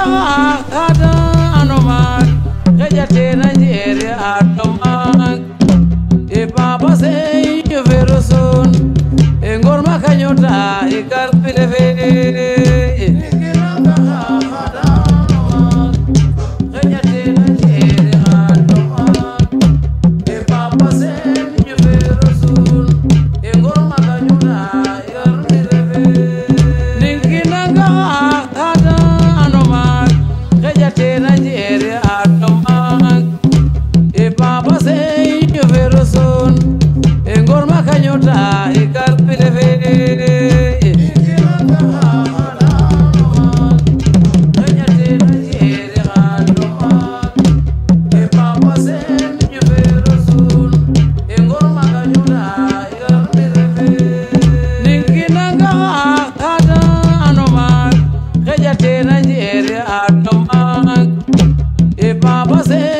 ata anoma xejate yere atomang e baba se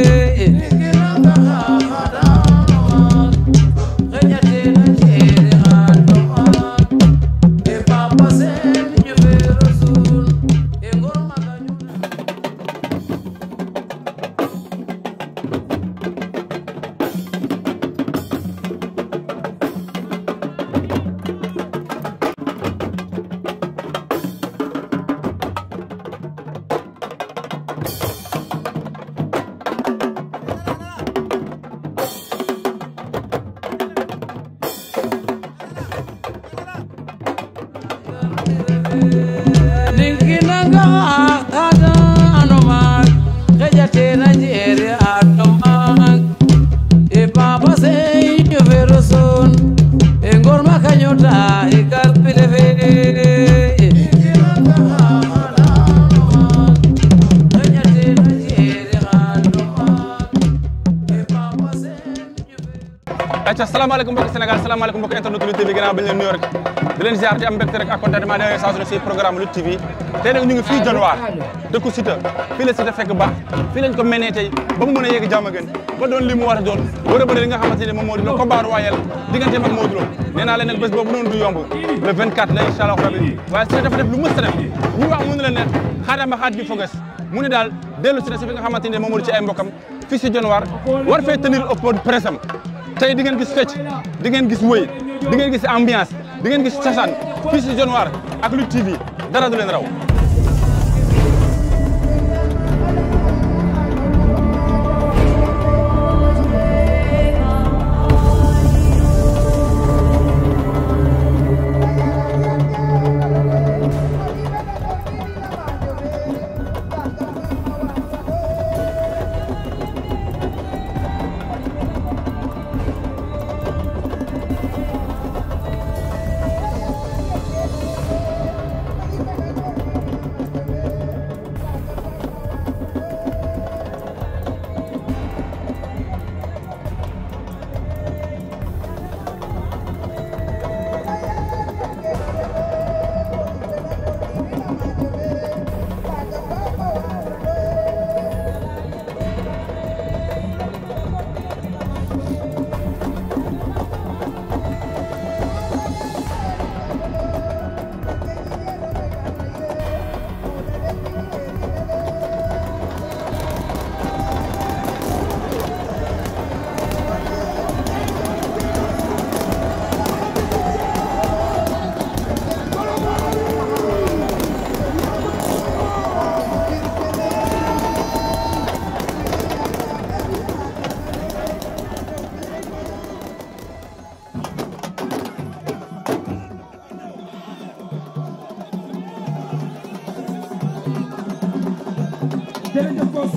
ayca salaamaaleykum mbokki Sénégal salaamaaleykum mbokki internet Lutte TV gannaaw bañ leen nuyoo rek leen ziar di am mbégte rek ak contentement di saa programme Lutte TV tey nag ñu ngi fii Dionewar dëkku Siteu fii la Siteu fekk baax fii lañ ko menee ba mu mën a yegg jàmm ba doon li mu a doon war a bëri nga xamante ne moom moo di la combat royal diggante ak Modou Lo nee naa leen nag bés la incha allah def lu mës a def mu ne leen ne xaatama xaat tey di ngeen gis fecc di ngeen gis wëy di ngeen gis ambiance di ngeen gis cosaan fii si Dionewar ak Lutte TV dara du leen raw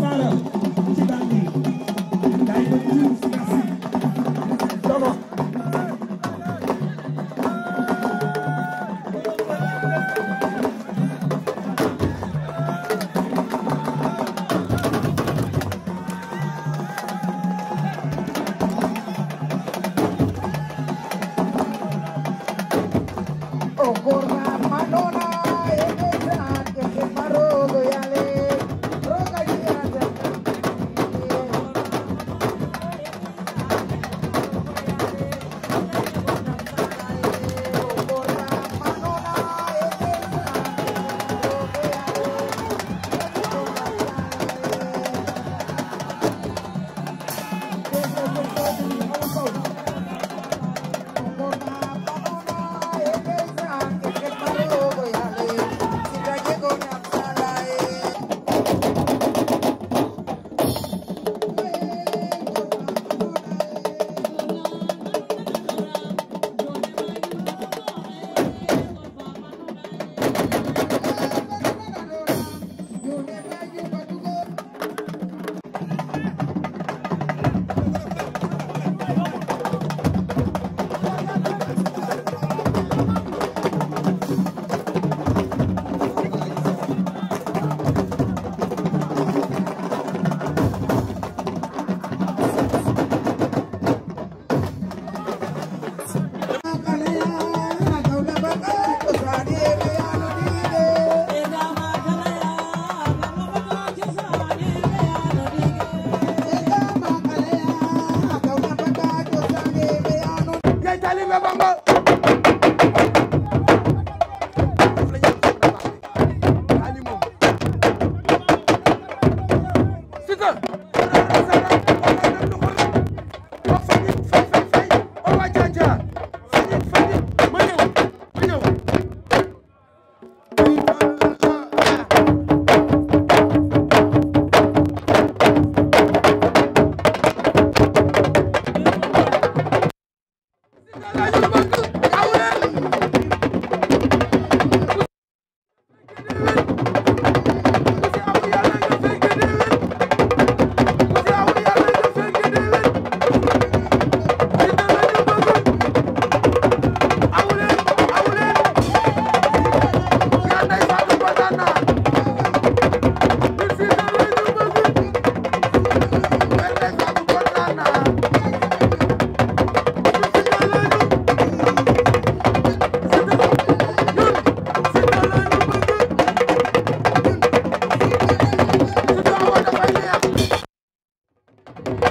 Sara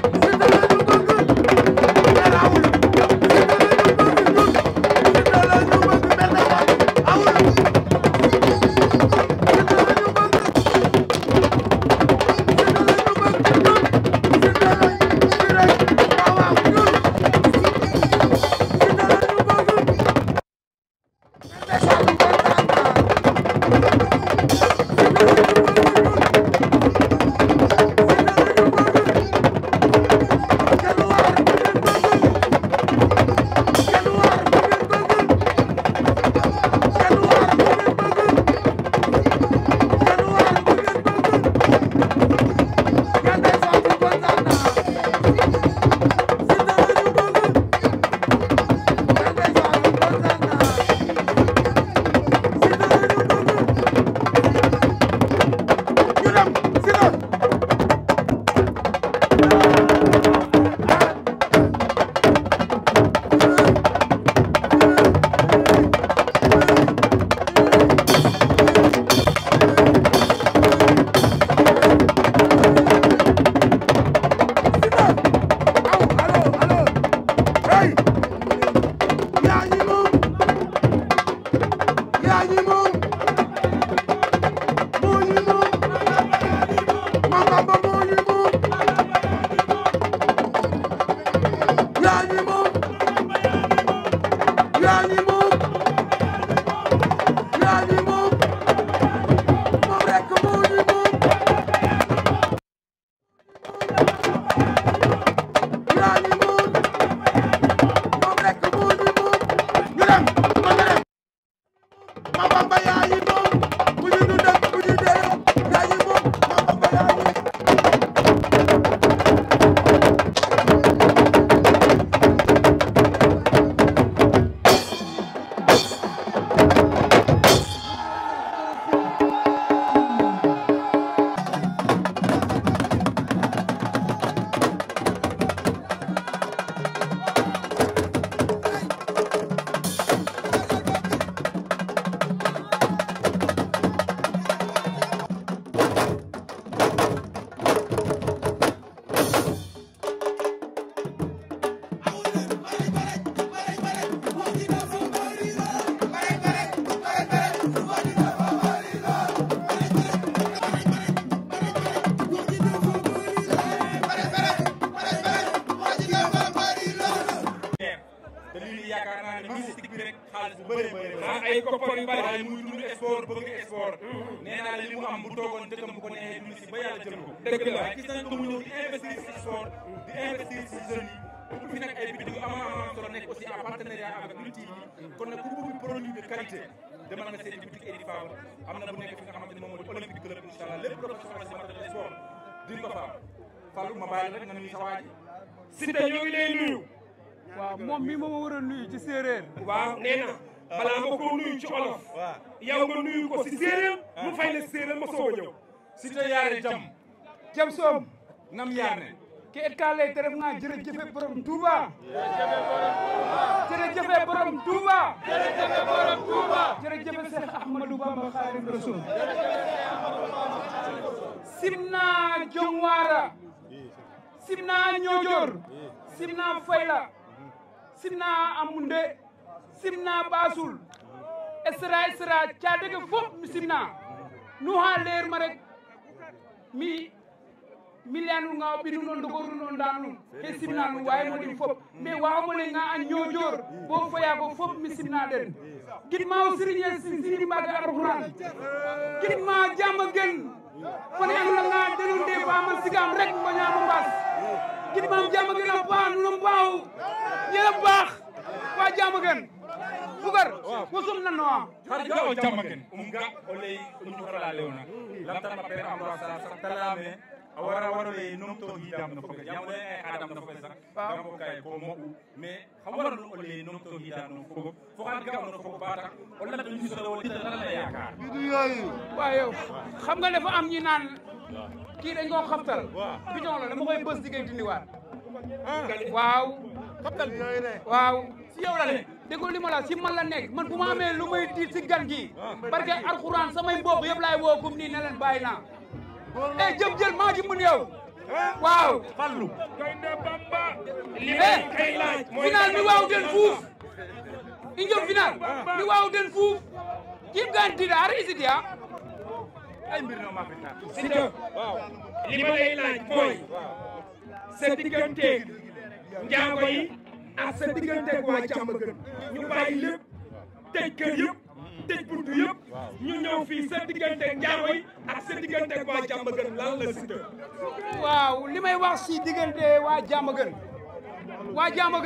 Sëriñ ba yàlla jël ko. dëgg la waaye gis nañ ko di investir si si jeunes na am solo nekk aussi en partenariat kon nag ku bëgg produit de qualité demal nga am na bu nekk fi nga xamante ni moom mooy olympique club lépp loo ko si matériel ma bàyyi rek nga nuyu sa waa ji. Siteu ñoo ngi lay waaw moom mi ma war a nuyu ci séeréer. waaw nee na balaa nga ko nuyu ci yow nga nuyu ko si séeréer. la séeréer ma soog Cité Yaare jam jam soom nam yaarne ke et ka lay te ref na jërëjëfe borom Touba jërëjëfe borom Touba jërëjëfe borom Touba jërëjëfe Cheikh Ahmadou Bamba Khadim Rasoul simna Jongwara simna Ñojoor simna Fayla simna Amunde simna Basul esra esra caade ke fop mi simna nu ha leer ma rek mi milliyanuga o ɓiru noon dogoru noon damnum he simnanum wawi moɗin foof mais wawamole ga an ñoƴor bo foyago foof mi simnaɗen guiɗma o siriñe sirimbade arkuran guiɗma jamba guel fone anlaga denude baman sigam rek ko ñamo mbas guiɗmam jamba guel a baa noon mbaw yela baax wa jamba guel pugar kusum nannoa hargao jammaken um ga o ley o njukola lewna lamtama pere ambroise sar sax te a wara waro leye numtogidam no foge yam leye ay xadam no foge sax gamo kay ko mo'u mais xam waralu o leye numtogidam no fogo fo xan ga'o no fogo ba tax o lat o ñisolewo litala la yaakaar bidu yooyu waaye xam nga dafa am ñi naan kii dañ koo xabtal bidon la dama koy bës diggante ah. waaw xabtal waaw ne déggoo li ma la si man la nekk man bu ma amee lu may tiit si gan gi ah. parce que alxuraan samay mbokk yëpp laay woo comme nii ne leen bàyyi naa eh jëf jël maa ci mën yow eh, waaw fallu eh final mi waaw den fuuf i njëf final mi waaw den fuuf kim gan tiida ar isi dia ay mbir no maa fi taa si li ma lay laaj mooy sa diggante njaago yi ah sa digganteeg waa jàmm gën ñu bàyyi lépp tëj kër yëpp tëj bunt yëpp ñu ñëw fii sa digganteeg njaaroy ak sa digganteeg waa jàmm gën lan la si waaw li may wax si diggante waa jàmm waa jàmm aw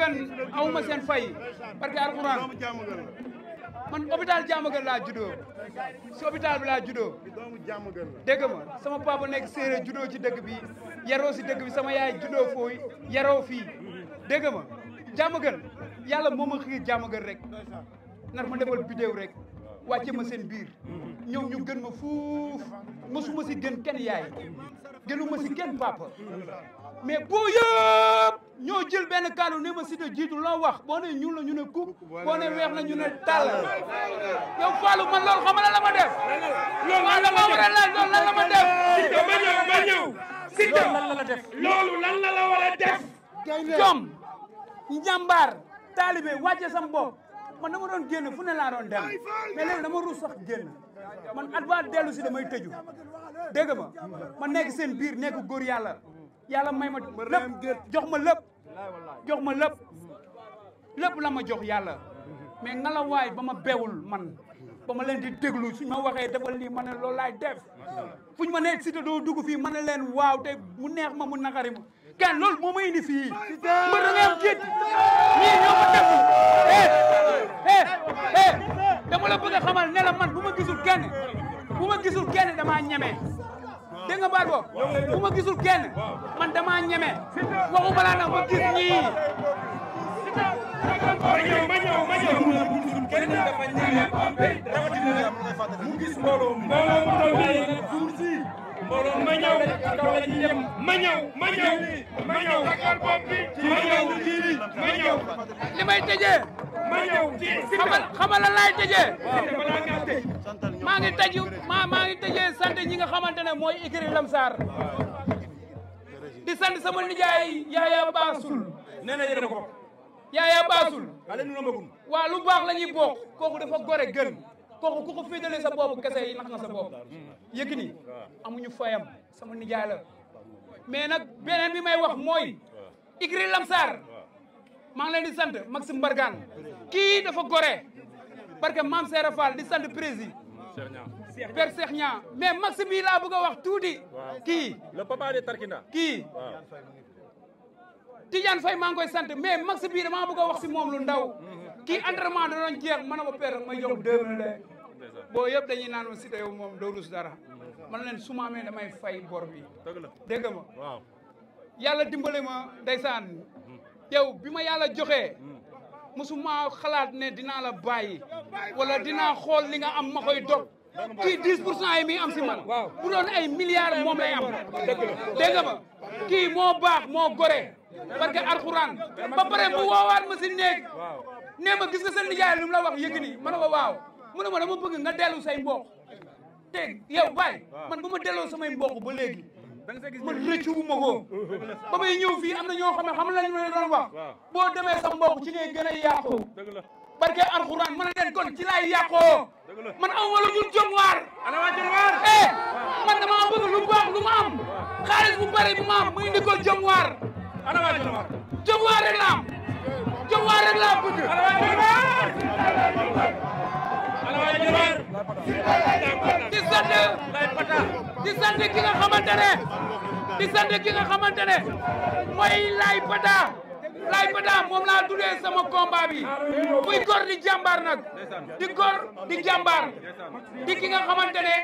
awuma seen fay parce que alxuraan man hôpital Diamaguène laa juddoo si hôpital bi laa juddoo dégg ma sama papa nekk séeréer juddoo ci dëkk bi yaroo si dëkk bi sama yaay juddoo fooy yaroo fii dégg jàmm gën yàlla moo ma xiir jàmm gën rek nar ma defal bidéew rek wàcce ma seen biir ñëw ñu gën ma fuuf mosuma si gën kenn yaay ma si kenn papa mais boo yëpp ñoo jël benn kàddu ne ma Siteu jiitu loo wax boo ne ñuul la ñu ne kub boo weex na ñu ne tàll yow Fallou man loolu xam la la ma def loolu la ma def loolu lan la ma ñëw ma ñëw Siteu lan la loolu lan la la njàmbaar taalibe wàcce sam bopp man dama doon génn fu ne laa doon dem mais na dama ruus sax génn man at ba dellu si damay tëju dégg ma ma nekk seen biir nekk góor yàlla yàlla may ma lépp jox ma lépp jox ma lépp lépp la ma jox yàlla mais ngalawaay ba ma bewul man ba ma leen di déglu ñu ma waxee dafa lii ma ne loolu laay def fuñ ma nee si te doo dugg fii ma ne leen waaw te mu neex ma mu naqari kan loolu moo ma indi fii mbër da ngay am gétt ñii ñoo ma def eh eh eh, eh, eh. dama xamal ne man bu ma gisul kenn bu ma gisul kenn damaa ñeme dégg nga baat bu ma gisul kenn man damaa ñeme gis ñii ma ñëw mbooloo ma ñëw ma ñëw ma ñëw ma ñëw ma ñëw ma ñëw li may tëjee ma ñëw xamal xamal la laay tëjee maa ngi tëj maa maa ngi tëjee sant ñi nga xamante ne mooy écurie Lamsar di sant sama nijaay yaaya baasul nee na yéen ko yaaya baasul waaw lu baax la ñuy bokk kooku dafa gore gën kooku ku ko féetale sa bopp kese yi nax na sa bopp Yékini ah. amuñu fayam sama nijaay la mais nag beneen bi may wax mooy ah. Ikri Lamsar ah. maa ngi leen di sant Maxime Mbargane kii dafa gore parce que Mame Serra Fall di sant prési Père Cheikh Niang mais Maxime bii laa bëgg a wax tuuti kii le papa de Tarkinda kii Tidiane Faye maa ngi koy sant mais Maxime yi damaa bëgg a wax si moom lu ndaw mm-hmm. kii entraînement da doon jeex mën a ba père may jox deux minutes boo yëpp dañuy naan ma Siteu yow moom doo rus dara man leen su ma amee damay fay bor bi dégg yàlla dimbale ma ndeysaan yow bi ma yàlla joxee musuma xalaat ne dinaa la bàyyi wala dinaa xool li nga am ma koy dog kii 10 pour cent yi am si man bu doon ay milliards moom lay am dégg kii moo baax moo gore parce que alxuraan ba pare mu woowaat ma si néeg nee ma gis nga sa nijaay lu la wax yëg ni ma waaw mu ne ma dama bëgg nga dellu say mbokk te yow baay man ba ma delloo samay mbokk ba léegi man rëccu bu ma ko ba may ñëw fii am na ñoo xam ne xam lañ ma doon wax boo demee sa mbok ci ngay gën a yàqoo barke alxuraan mën a leen kon ci laay yàqoo man am wala ñun jom waar eh man dama am bëgg lu baax lu ma am xaalis bu bari bu ma am muy indi ko jom waar jom waar rek la am jom waar rek la am bëgg di sant di sant ki nga xamante ne di sant ki nga xamante ne mooy Laye Pata Laye Pata moom laa tuddee sama combat di jàmbaar nag di góor di jàmbaar di ki nga xamante ne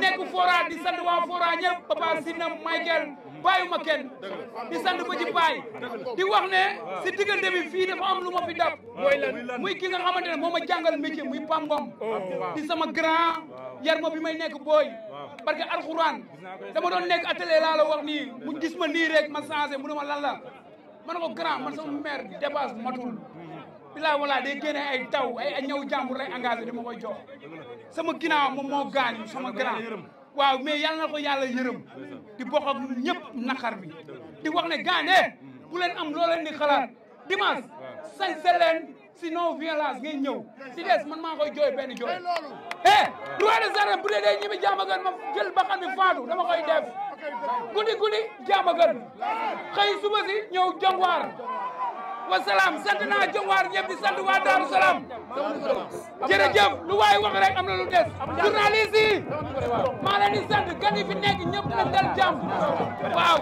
nekk Fora di sant waa Fora ñëpp Papa Sina Michael. bàyyuma kenn di sant ba ci baay di wax ne si diggante bi fii dafa am lu ma fi dab mooy lan muy ki nga xamante ne moo ma jàngal métier muy Pam Ngom di sama grand yar ma bi may nekk booy parce que alxuraan dama doon nekk atelier laa la wax nii mu gis ma nii rek ma changé mu ne ma lan la ma ne ko grand man sama mère dépasse matul bilaay walaay day génne ay taw ay ñëw jàmbur lay engagé di ma koy jox sama ginnaaw moom moo gaañu sama grand waaw mais yàlla na ko yàlla yërëm di bokk ak ñëpp naqar bi di wax ne gaane bu leen am loo leen di xalaat dimanche sañse leen sinon violence ngay ñëw si des man maa koy jooy benn jooy e roi des arènes bu dee dee ñi bi jaamagan ma jël ba bi faatu dama koy def guddi guddi jaamagan xëy suba si ñëw jongwaar wa salaam sant naa jëm waar ñëpp di sant waa Daaru Salaam lu waay wax rek am lu des journaliste maa leen di sant gan yi fi nekk ñëpp nañ dal jàmm waaw